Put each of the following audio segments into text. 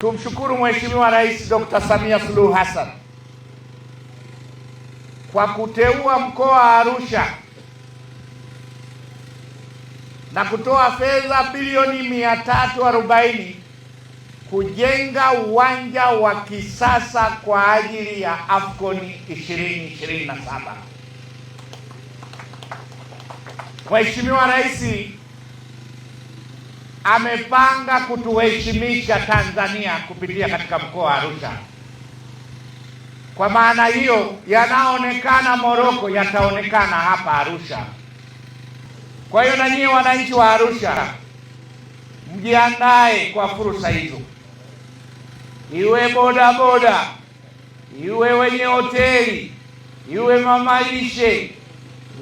Tumshukuru Mheshimiwa Rais Dr. Samia Suluhu Hassan kwa kuteua mkoa wa Arusha na kutoa fedha bilioni mia tatu arobaini kujenga uwanja wa kisasa kwa ajili ya AFCON 2027. Mheshimiwa Rais amepanga kutuheshimisha Tanzania kupitia katika mkoa wa Arusha. Kwa maana hiyo, yanaonekana Moroko yataonekana hapa Arusha. Kwa hiyo, na nyie wananchi wa Arusha mjiandae kwa fursa hizo, iwe bodaboda, iwe wenye hoteli, iwe mamalishe,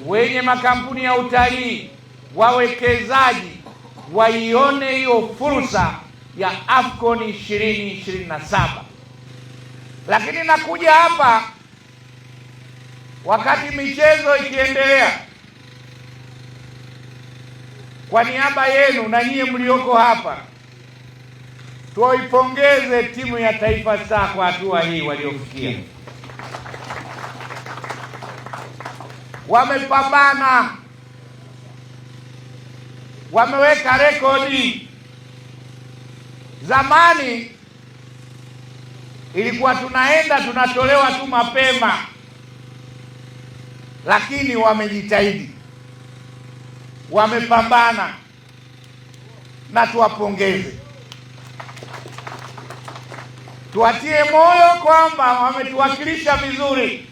wenye makampuni ya utalii, wawekezaji waione hiyo fursa ya AFCON 2027 lakini nakuja hapa wakati michezo ikiendelea, kwa niaba yenu na nyie mlioko hapa, tuipongeze timu ya Taifa Stars kwa hatua hii waliofikia. Wamepambana wameweka rekodi. Zamani ilikuwa tunaenda tunatolewa tu mapema, lakini wamejitahidi, wamepambana na tuwapongeze, tuwatie moyo kwamba wametuwakilisha vizuri.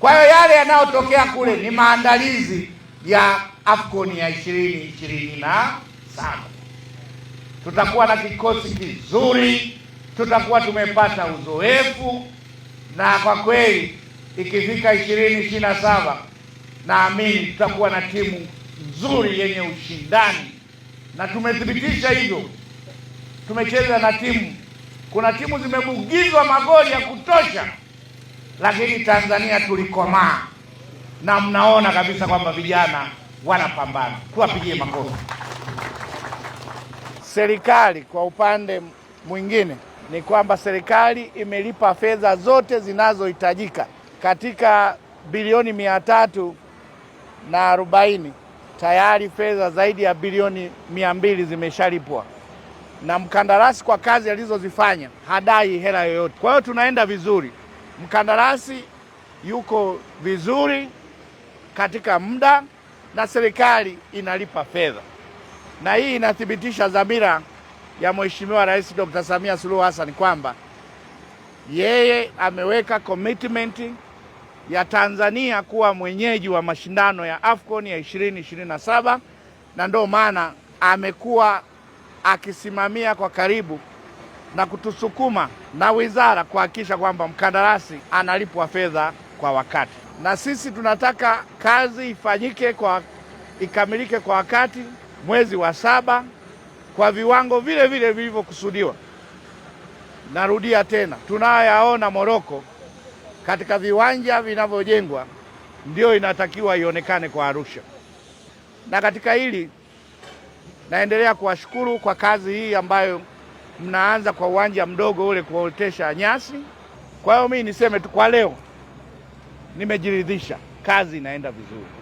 Kwa hiyo yale yanayotokea kule ni maandalizi ya AFCON ya ishirini ishirini Tutakuwa na kikosi kizuri, tutakuwa tumepata uzoefu, na kwa kweli ikifika ishirini na naamini tutakuwa na timu nzuri yenye ushindani, na tumethibitisha hivyo. Tumecheza na timu, kuna timu zimebugizwa magoli ya kutosha, lakini Tanzania tulikomaa, na mnaona kabisa kwamba vijana wala pambano. Tuwapigie makofi. Serikali kwa upande mwingine ni kwamba serikali imelipa fedha zote zinazohitajika katika bilioni mia tatu na arobaini tayari fedha zaidi ya bilioni mia mbili zimeshalipwa na mkandarasi kwa kazi alizozifanya hadai hela yoyote. Kwa hiyo tunaenda vizuri, mkandarasi yuko vizuri katika muda na serikali inalipa fedha, na hii inathibitisha dhamira ya Mheshimiwa Rais Dr. Samia Suluhu Hassan kwamba yeye ameweka commitment ya Tanzania kuwa mwenyeji wa mashindano ya AFCON ya 2027 na ndio maana amekuwa akisimamia kwa karibu na kutusukuma na wizara kuhakikisha kwamba mkandarasi analipwa fedha kwa wakati na sisi tunataka kazi ifanyike kwa ikamilike kwa wakati mwezi wa saba kwa viwango vile vile vilivyokusudiwa. Narudia tena, tunayaona Moroko katika viwanja vinavyojengwa ndio inatakiwa ionekane kwa Arusha. Na katika hili naendelea kuwashukuru kwa kazi hii ambayo mnaanza kwa uwanja mdogo ule kuotesha nyasi. Kwa hiyo mimi niseme tu kwa leo nimejiridhisha, kazi inaenda vizuri.